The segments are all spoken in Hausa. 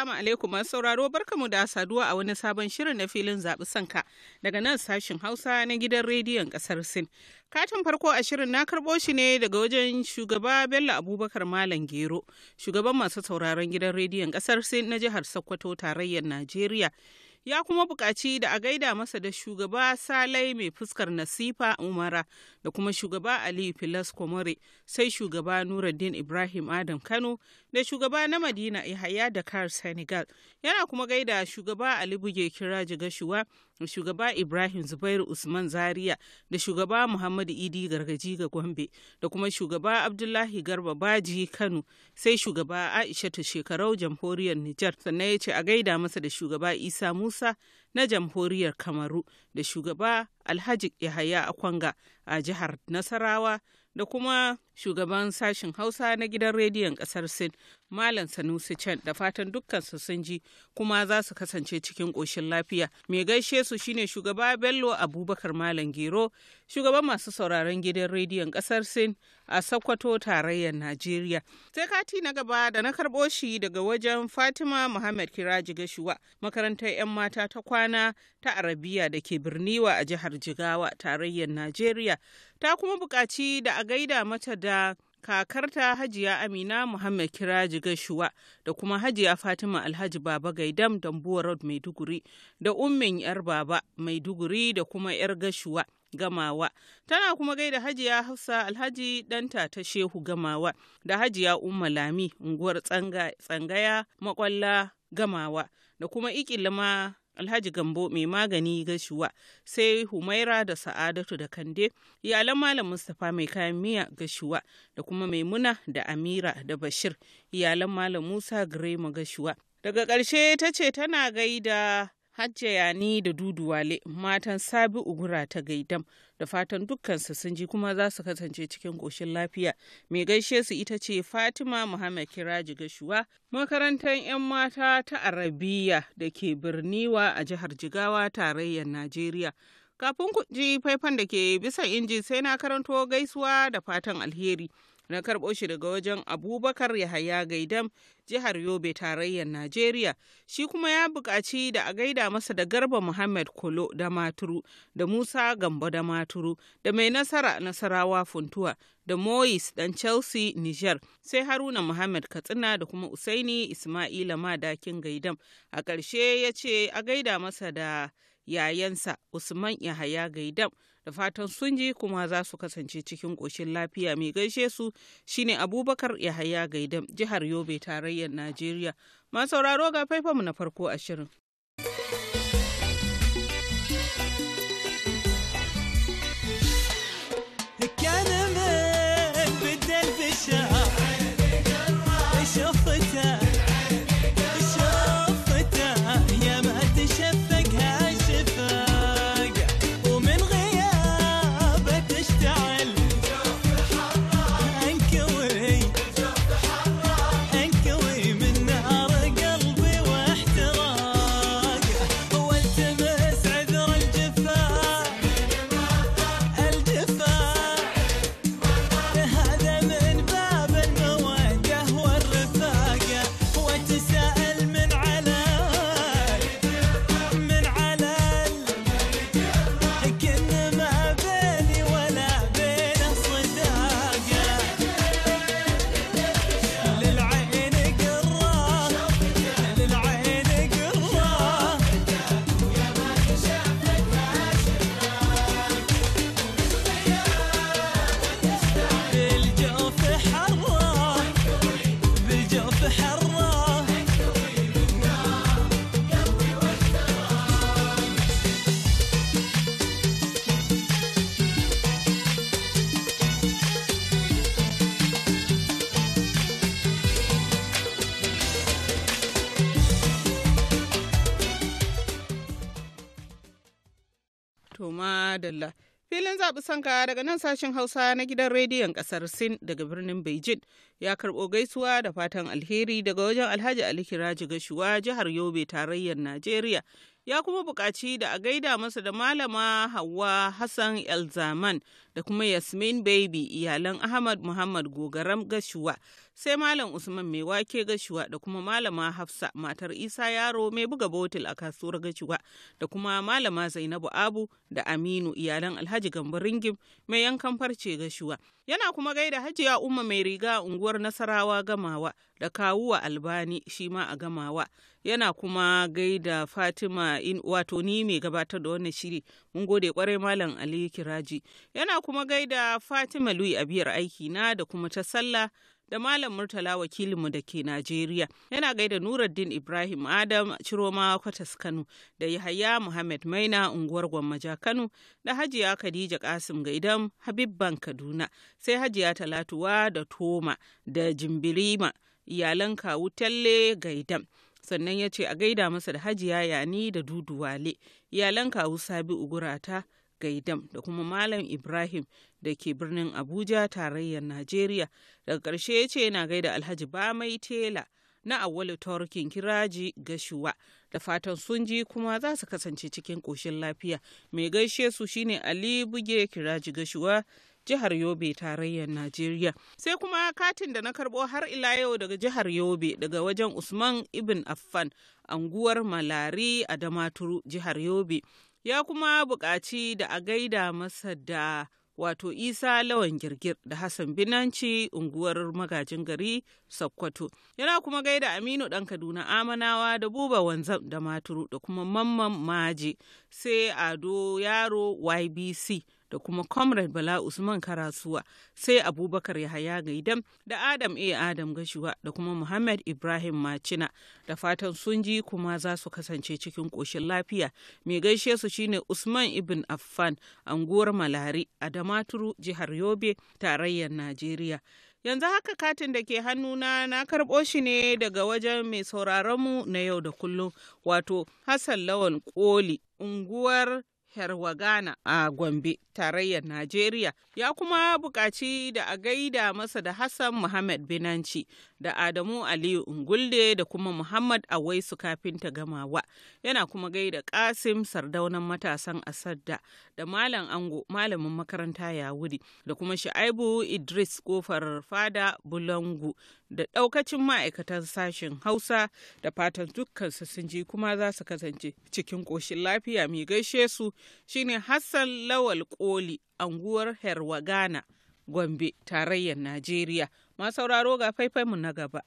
Assalamu alaikum masu sauraro barkamu da saduwa a wani sabon shirin na filin zaɓi sanka daga nan sashin Hausa na gidan rediyon ƙasar Sin. Katin farko a shirin na karɓo shi ne daga wajen shugaba Bello Abubakar Malam Gero, shugaban masu sauraron gidan rediyon ƙasar Sin na jihar Sokoto tarayyar Najeriya. ya kuma buƙaci da a gaida masa da shugaba salai mai fuskar nasifa umara da kuma shugaba ali filas komore sai shugaba nuruddin ibrahim adam kano da shugaba na Madina Yahaya Dakar Senegal yana kuma gaida shugaba Ali Buge kira Gashuwa da shugaba Ibrahim Zubairu Usman Zaria da shugaba Muhammadu Idi Gargaji ga Gombe da kuma shugaba Abdullahi Garba Baji Kano sai shugaba Aishatu Shekarau Jamhuriyar Nijar sannan ya ce a gaida masa da shugaba Isa Musa na Jamhuriyar Kamaru da shugaba Alhaji Yahaya kwanga a jihar Nasarawa da kuma shugaban sashen hausa na gidan rediyon kasar sin malam sanusi can da fatan dukkan su sun ji kuma za su kasance cikin ƙoshin lafiya mai gaishe su shine shugaba bello abubakar malam gero shugaban masu sauraron gidan rediyon kasar sin a sokoto tarayyar najeriya sai kati na gaba da na karɓo shi daga wajen fatima muhammad kiraji gashuwa makarantar 'yan mata ta kwana ta arabiya da ke birniwa a jihar jigawa tarayyar najeriya ta kuma bukaci da a gaida mata da da kakarta hajiya amina muhammad kiraji gashuwa da kuma hajiya fatima alhaji baba gaidam dambuwa road maiduguri da ummin yar baba maiduguri da kuma yar gashuwa gamawa tana kuma gaida hajiya hafsa alhaji danta ta shehu gamawa da hajiya umma lami unguwar tsangaya makwalla gamawa da kuma ikilima Alhaji Gambo mai magani gashuwa sai Humaira da Sa'adatu da Kande iyalan Malam Mustapha mai kayan miya gashuwa da kuma Maimuna da Amira da Bashir iyalan Malam Musa Girema gashuwa. Daga ƙarshe ta ce tana gaida Hajjaya ni da Dudu Wale matan Sabi'u Gura ta Gaidam da fatan dukkansu sun ji kuma za su kasance cikin koshin lafiya. Mai gaishe su ita ce Fatima Muhammad Kiraji Gashuwa, makarantar 'yan mata ta Arabiya da ke Birniwa a jihar Jigawa tarayyar Najeriya. Kafin ku ji faifan da ke bisa inji sai na karanto gaisuwa da fatan alheri. na karɓo shi daga wajen abubakar yahaya gaidam jihar Yobe tarayyar Najeriya shi kuma ya buƙaci da a gaida masa da Garba Muhammad Kolo da Maturu da Musa Gambo da Maturu da mai nasara Nasarawa Funtuwa da mois dan Chelsea Niger sai Haruna Muhammad Katsina da kuma Usaini Ismaila Madakin Gaidam a ƙarshe ya ce a gaida masa da yayansa Usman Yahaya Gaidam da fatan sun ji kuma za su kasance cikin ƙoshin lafiya mai gaishe su shine Abubakar Yahaya Gaidam jihar Yobe tarayyar Najeriya. Masauraro ga faifanmu na farko ashirin. To madalla. Filin zaɓi sanka daga nan sashen Hausa na gidan rediyon ƙasar Sin daga birnin Beijing ya karɓo gaisuwa da fatan alheri daga wajen Alhaji Ali Kiraji Gashuwa jihar Yobe tarayyar Najeriya. Ya kuma buƙaci da a gaida masa da Malama Hauwa Hassan Elzaman da kuma Yasmin Baby iyalan Ahmad Muhammad Gogaram Gashuwa sai Malam Usman mai wake Gashuwa da kuma Malama Hafsa matar Isa Yaro mai buga botil a kasuwar Gashuwa da kuma Malama Zainabu Abu da Aminu iyalan Alhaji Gambo Ringim mai yankan farce Gashuwa. Yana kuma gaida Hajiya Umma mai riga unguwar Nasarawa Gamawa da Kawuwa Albani shi ma a Gamawa. Yana kuma gaida Fatima in wato ni mai gabatar da wannan shiri. Mun gode kwarai Malam Ali Kiraji. Yana kuma gaida Fatima Lui Abiyar aiki na da kuma ta sallah da Malam Murtala wakilinmu da ke Najeriya. Yana gaida Nuruddin Ibrahim Adam Ciroma Kwatas Kano da Yahaya Muhammad Maina unguwar Gwammaja Kano da Hajiya Khadija Kasim Gaidam Habibban Kaduna sai Hajiya Talatuwa da Toma da Jimbirima iyalan kawu Talle Gaidam. Sannan ya ce a gaida masa da Hajiya Yani da Duduwale iyalan kawu Sabi'u Gurata. Gaidam da kuma Malam Ibrahim da ke birnin Abuja tarayyar Najeriya. Daga ƙarshe ya ce yana gaida Alhaji Bamai Tela na awwalu Turkin Kiraji Gashuwa. Da fatan sun ji kuma za su kasance cikin ƙoshin lafiya. Mai gaishe su shine Ali Buge Kiraji Gashuwa. jihar Yobe tarayyar Najeriya. Sai kuma katin da na karbo har ila yau daga jihar Yobe daga wajen Usman Ibn Affan anguwar Malari a Damaturu jihar Yobe ya kuma buƙaci da a gaida masa da wato isa lawan girgir da hassan binanci unguwar magajin gari sokoto yana kuma gaida aminu Ɗan kaduna amanawa da buba wanzam da maturu da kuma mamman maji sai ado yaro ybc da kuma comrade bala usman karasuwa sai abubakar yahaya gaidam da adam a adam gashuwa da kuma muhammad ibrahim macina da fatan sun ji kuma za su kasance cikin koshin lafiya mai gaishe su shine usman ibn affan anguwar malari a damaturu jihar yobe tarayyar najeriya yanzu haka katin da ke hannuna na karɓo shi ne daga wajen mai sauraronmu na yau da kullum wato hassan lawan koli unguwar Herwagana a Gombe, tarayyar Najeriya, ya kuma buƙaci da a gaida masa da Hassan Muhammad Binanci da Adamu Aliyu Ungulde da kuma Muhammad Awaisu kafinta gamawa, yana kuma gaida Kasim Sardaunan matasan Asadda da Malam Ango, malamin makaranta ya wuri da kuma Shaibu Idris Kofar Fada Bulangu da ɗaukacin ma'aikatan sashen Hausa da fatan dukkansu sun ji kuma za su kasance cikin ƙoshin lafiya mai gaishe su shine Hassan Lawal Koli anguwar Herwagana, Gombe, tarayyar Najeriya. sauraro ga faifai mu na gaba.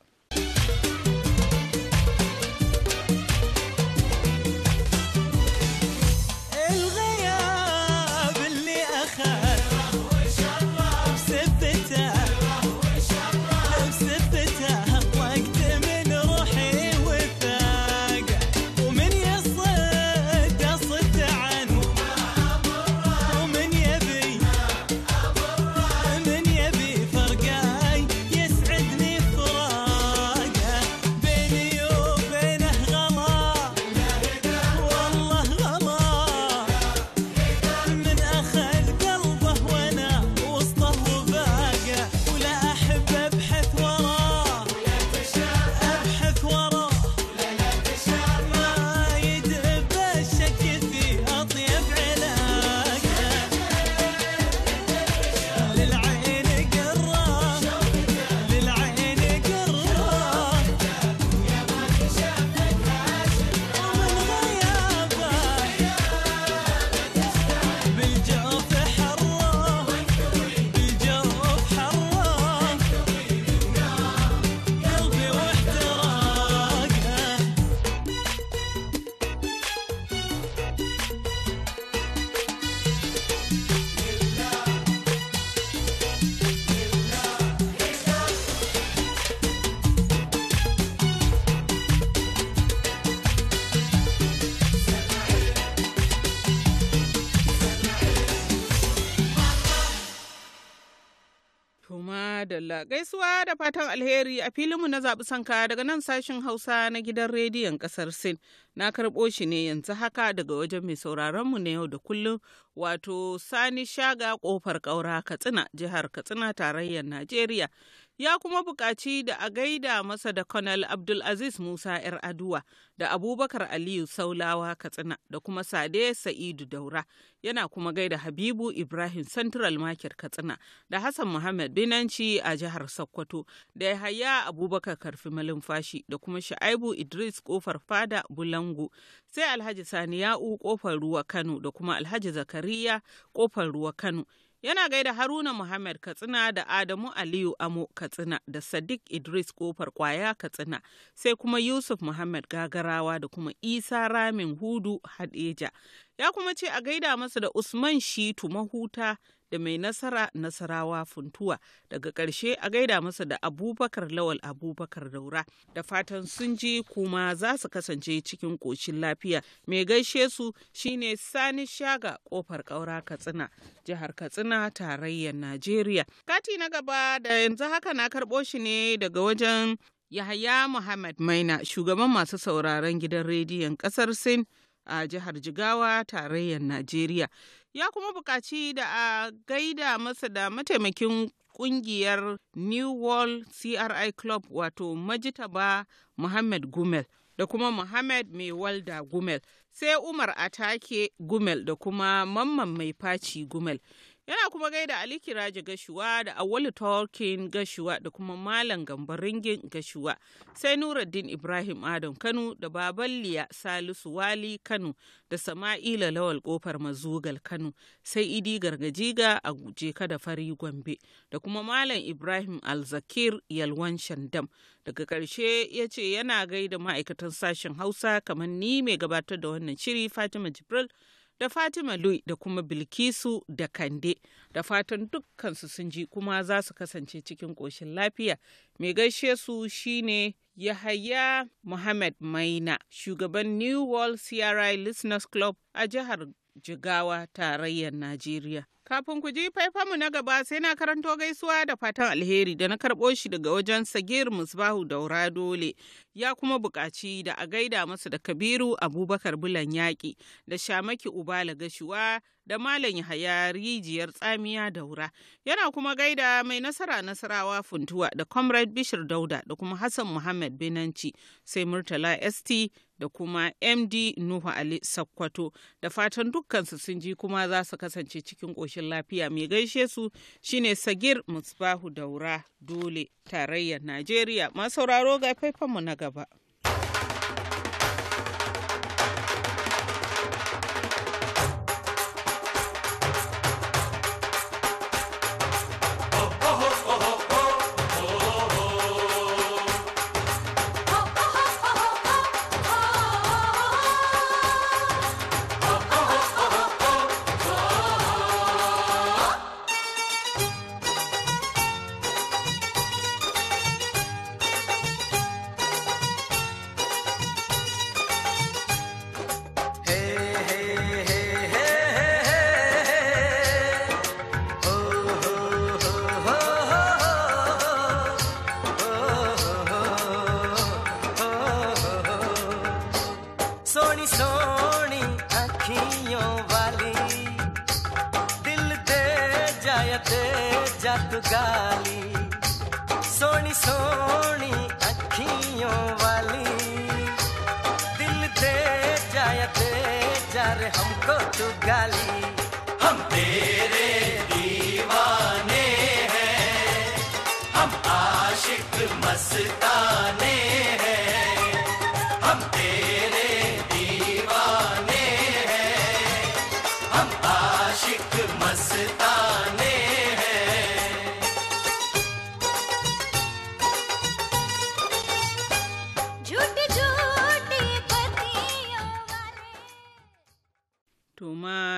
Allah Gaisuwa da fatan alheri a filinmu na zaɓi sanka daga nan sashen Hausa na gidan rediyon ƙasar Sin. Na karɓo shi ne yanzu haka daga wajen mai sauraronmu na yau da kullum wato Sani Shaga ƙofar ƙaura Katsina jihar Katsina tarayyar Najeriya. ya kuma buƙaci da a gaida masa da Colonel Abdulaziz Musa 'yar aduwa da Abubakar Aliyu Saulawa Katsina da kuma Sade Sa'idu Daura yana kuma gaida Habibu Ibrahim Central Market Katsina da Hassan Muhammad Binanci a jihar Sokoto da Yahaya Abubakar Karfi Malumfashi da kuma Sha'aibu Idris Kofar Fada Bulangu sai Alhaji Saniya'u Kofar Ruwa Kano da kuma Alhaji Zakariya Kofar Ruwa Kano yana gaida haruna muhammad katsina da adamu aliyu amo katsina da sadiq idris kofar kwaya katsina sai kuma yusuf muhammad gagarawa da kuma isa ramin hudu hadeja ya kuma ce a gaida masa da usman shitu mahuta da mai nasara nasarawa funtuwa daga ƙarshe a gaida masa da abubakar lawal abubakar daura da fatan sun ji kuma za su kasance cikin ƙoshin lafiya mai gaishe su shine sani shaga ƙofar ƙaura katsina jihar katsina tarayyar najeriya kati na gaba da yanzu haka na karɓo shi ne daga wajen yahaya muhammad maina shugaban masu sauraron gidan rediyon ƙasar sin a jihar Jigawa tarayyar Najeriya. Ya kuma buƙaci da a gaida masa da mataimakin ƙungiyar New World CRI Club wato Majitaba Muhammad Gumel da kuma Muhammad Mai Walda Gumel sai Umar Atake Gumel da kuma Mamman Mai Faci Gumel. Yana kuma gaida Ali Kiraji Gashuwa da Awolu Tolkien Gashuwa da kuma Malam Ringin Gashuwa sai Nuruddin Ibrahim Adam Kano da Baballiya Salisu Wali Kano da Sama'ila Lawal Kofar Mazugal Kano sai Idi Gargajiga a guje kada fari Gombe da kuma Malam Ibrahim Alzakir Yalwan Shandam daga karshe ya ce yana gaida ma'aikatan sashen Hausa kamar ni mai gabatar da wannan shiri Fatima Jibril da Fatima Lui da kuma Bilkisu da Kande da fatan dukkansu sun ji kuma za su kasance cikin ƙoshin lafiya. Mai gaishe su shine Yahaya Muhammad Maina, shugaban New World CRI Listeners Club a jihar Jigawa, tarayyar Najeriya. Kafin ku ji faifanmu na gaba sai na karanto gaisuwa da fatan alheri da na karɓo shi daga wajen Sagir Musbahu Daura Dole ya kuma buƙaci da a gaida masa da Kabiru Abubakar Bulan Yaƙi da Shamaki Ubala Gashuwa da Malam Yahaya Rijiyar Tsamiya Daura. Yana kuma gaida mai nasara nasarawa funtuwa da Comrade Bishir Dauda da kuma Hassan Muhammad Binanci sai Murtala ST da kuma MD Nuhu Ali Sakkwato da fatan dukkansu sun ji kuma za su kasance cikin ƙoshin ƙoshin lafiya mai gaishe su shine Sagir Musbahu Daura Dole tarayyar Najeriya. sauraro ga faifanmu na gaba. हमको तू गाली हम तेरे दीवाने हैं हम आशिक मस्ताने हैं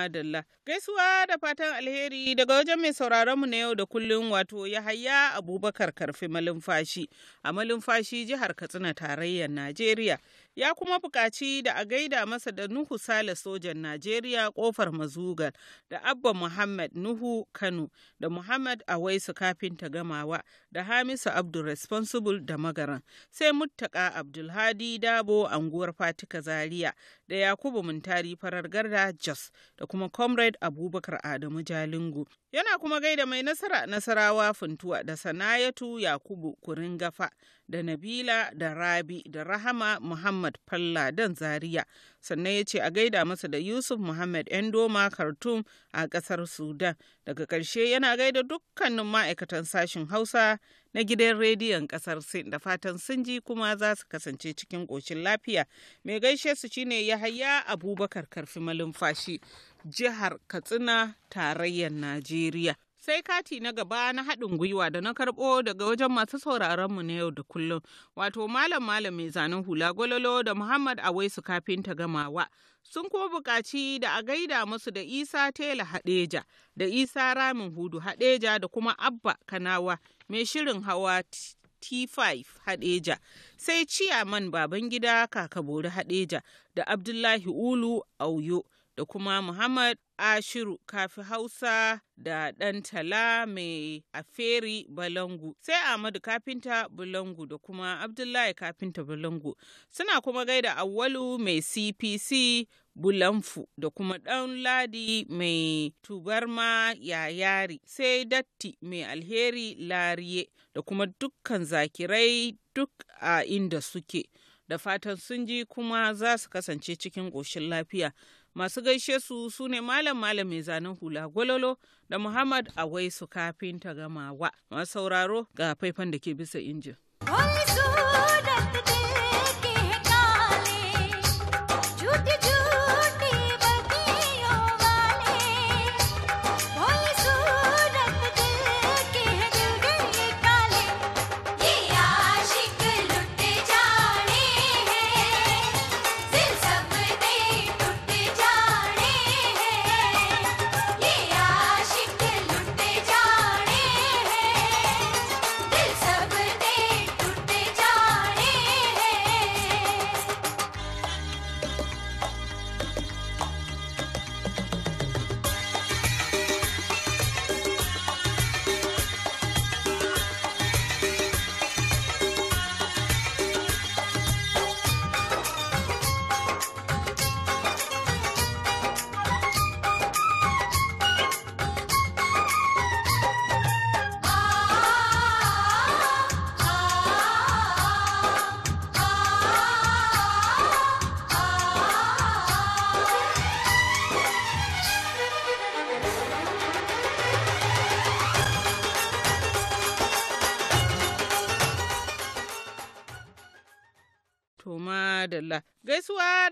madalla. Gaisuwa da fatan alheri daga wajen mai sauraron mu na yau da kullun wato Yahaya Abubakar Karfi Malumfashi a Malumfashi jihar Katsina tarayyar Najeriya. ya kuma buƙaci da a gaida masa da Nuhu Sale sojan Najeriya kofar mazugar da Abba Muhammad Nuhu Kano da Muhammad Awaisu kafinta gamawa da Hamisu Abdul Responsible da Magaran sai Muttaka Abdulhadi Dabo anguwar Fatika Zaria da Yakubu Muntari farar garda Jos da kuma Comrade Abubakar Adamu Jalingo Yana kuma gaida mai nasara nasarawa funtuwa da sanayatu Yakubu Kuringafa da Nabila da Rabi da Rahama Muhammad Falla dan Zaria. Sannan ya ce a gaida masa da Yusuf Muhammad Endoma Khartoum a kasar Sudan. Daga karshe yana gaida dukkanin ma'aikatan sashin Hausa na gidan rediyon kasar Sin da fatan sun ji kuma za su kasance cikin ƙoshin lafiya. Mai gaishe su shine Yahaya Abubakar Karfi Malumfashi. jihar Katsina, tarayyar Najeriya. sai kati na gaba na haɗin gwiwa da na karɓo daga wajen masu sauraronmu na yau da kullum wato malam malam mai zanen hula gwalolo da muhammad awaisu kafin ta gamawa sun kuma buƙaci da a gaida musu da isa tela haɗeja da isa ramin hudu haɗeja da kuma abba kanawa mai shirin hawa T5 Hadeja, sai Ciyaman Babangida Kakabori Hadeja da Abdullahi Ulu Auyo da kuma Muhammad Ashiru kafi Hausa da ɗan tala mai aferi Balangu sai Ahmadu kafinta Balangu da kuma Abdullahi kafinta Balangu suna kuma gaida Awwalu mai CPC Bulanfu da kuma ɗan ladi mai tubarma yayari sai datti mai alheri lariye da kuma dukkan zakirai duk a inda suke. da fatan sun ji kuma za su kasance cikin ƙoshin lafiya. Masu gaishe su su ne Malam Malam mai zanen hula gwalolo da Muhammad su kafin ta gama wa masauraro ga faifan da ke bisa injin.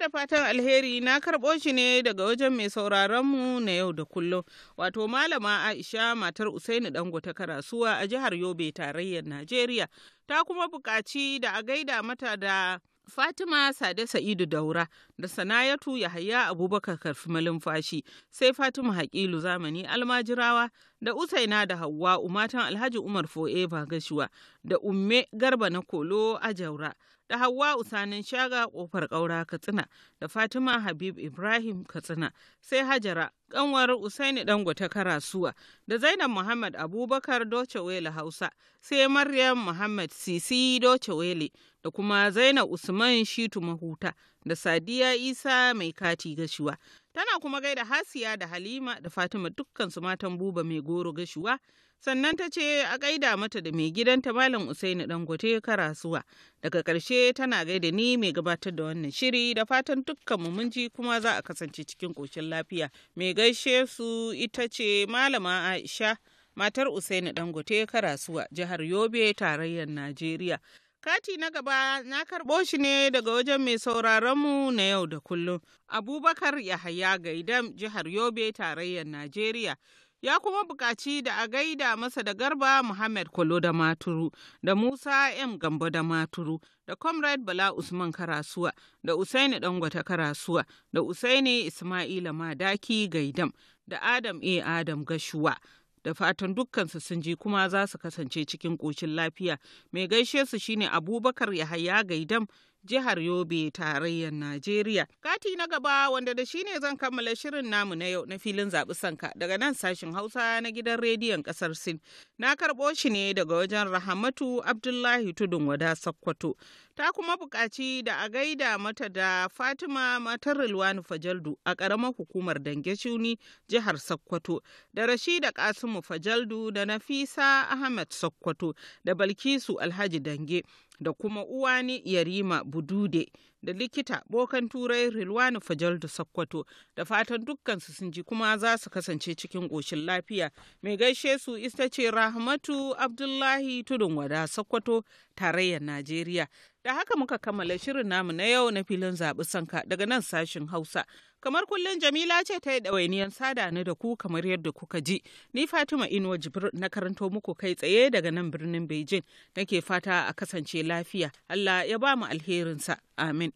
da fatan alheri na karɓo shi ne daga wajen mai sauraronmu na yau da kullum. Wato Malama Aisha matar Usaini Dango ta karasuwa a jihar Yobe tarayyar Najeriya ta kuma buƙaci da a gaida mata da Fatima Sade Sa'idu Daura da Sanayatu Yahaya Abubakar Karfi Malumfashi sai Fatima Hakilu Zamani Almajirawa da Usaina da Hauwa umatan Alhaji Umar Fo'e Bagashuwa da Umme Garba na Kolo jaura da Hauwa Usanin Shaga kofar ƙaura Katsina da Fatima Habib Ibrahim Katsina sai Hajara kanwar Usaini Dangote Karasuwa da Zainab Muhammad Abubakar Doce Wele Hausa sai Maryam Muhammad Sisi Doce Wele da kuma Zainab Usman Shitu Mahuta da Sadiya Isa Mai Kati gashiwa. Tana kuma gaida Hasiya da Halima da Fatima dukkan su matan buba mai goro gashuwa. Sannan ta ce a gaida mata da mai gidanta Malam Usaini Dangote Karasuwa. Daga karshe tana gaida ni mai gabatar da wannan shiri da fatan dukkan mun kuma za a kasance cikin koshin lafiya. Mai gaishe su ita ce Malama Aisha. matar Usaini Dangote Karasuwa, jihar Yobe, tarayyar Najeriya. Kati na gaba na karɓo shi ne daga wajen mai sauraron mu na yau da kullum. Abubakar Yahaya Gaidam jihar Yobe tarayyar Najeriya. Ya kuma buƙaci da a gaida masa da Garba Muhammad Kolo da Maturu, da Musa M. Gambo da Maturu, da Comrade Bala Usman Karasuwa, da Usaini Dangwata Karasuwa, da Usaini Ismaila Madaki Gaidam, da Adam A. Adam Gashuwa. da fatan dukkansu sun ji kuma za su kasance cikin ƙoshin lafiya mai gaishe su shine abubakar yahaya gaidam jihar Yobe tarayyar Najeriya. Kati na gaba wanda da shi ne zan kammala shirin namu na yau na filin zaɓi sanka daga nan sashin Hausa na gidan rediyon ƙasar Sin. Na karɓo shi ne daga wajen Rahamatu Abdullahi Tudun Wada Sakkwato. Ta kuma buƙaci da a gaida mata da Fatima matar Rilwani Fajaldu a ƙaramar hukumar Dange Shuni jihar Sakkwato da Rashida Kasimu Fajaldu da Nafisa Ahmed Sakkwato da Balkisu Alhaji Dange da kuma uwani yarima budude da likita bokan turai rilwani fajal da sakkwato da fatan dukkansu sun ji kuma za su kasance cikin ƙoshin lafiya mai gaishe su ita ce rahmatu abdullahi tudun wada sakkwato tarayyar najeriya Da haka muka kammala shirin namu na yau na filin zaɓi sanka daga nan sashin Hausa. Kamar kullum Jamila ce ta yi ɗawainiyar sada ni da ku kamar yadda kuka ji. Ni Fatima Inuwa Jibril na karanto muku kai tsaye daga nan birnin Beijing. Nake fata a kasance lafiya. Allah ya ba mu alherinsa. Amin.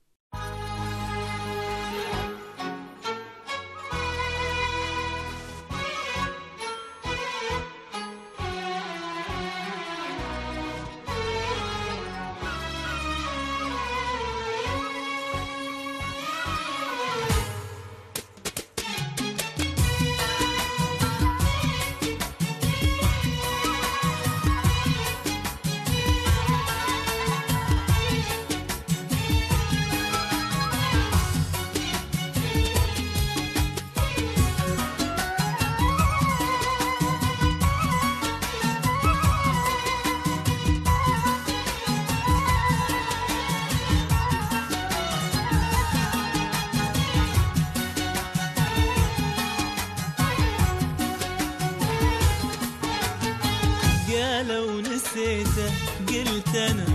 tenen.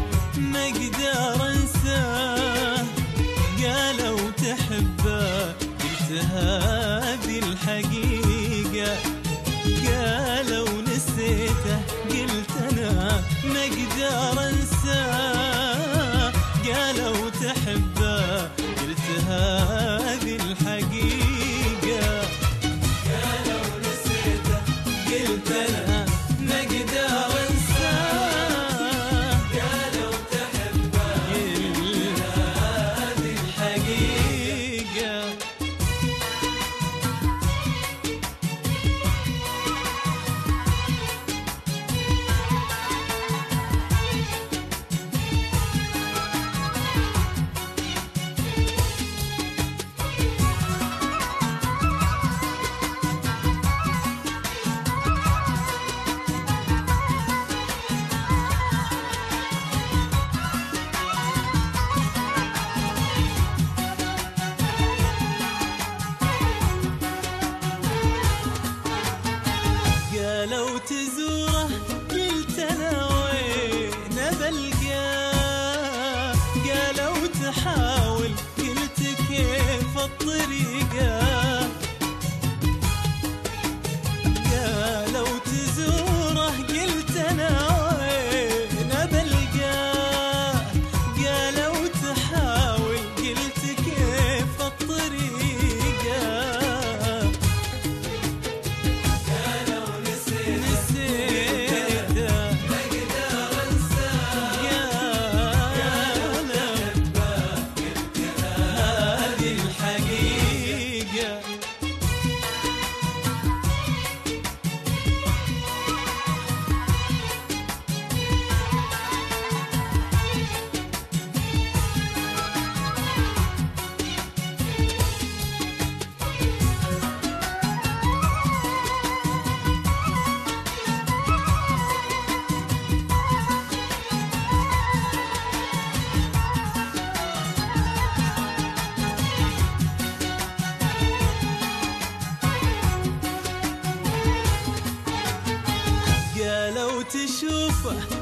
power.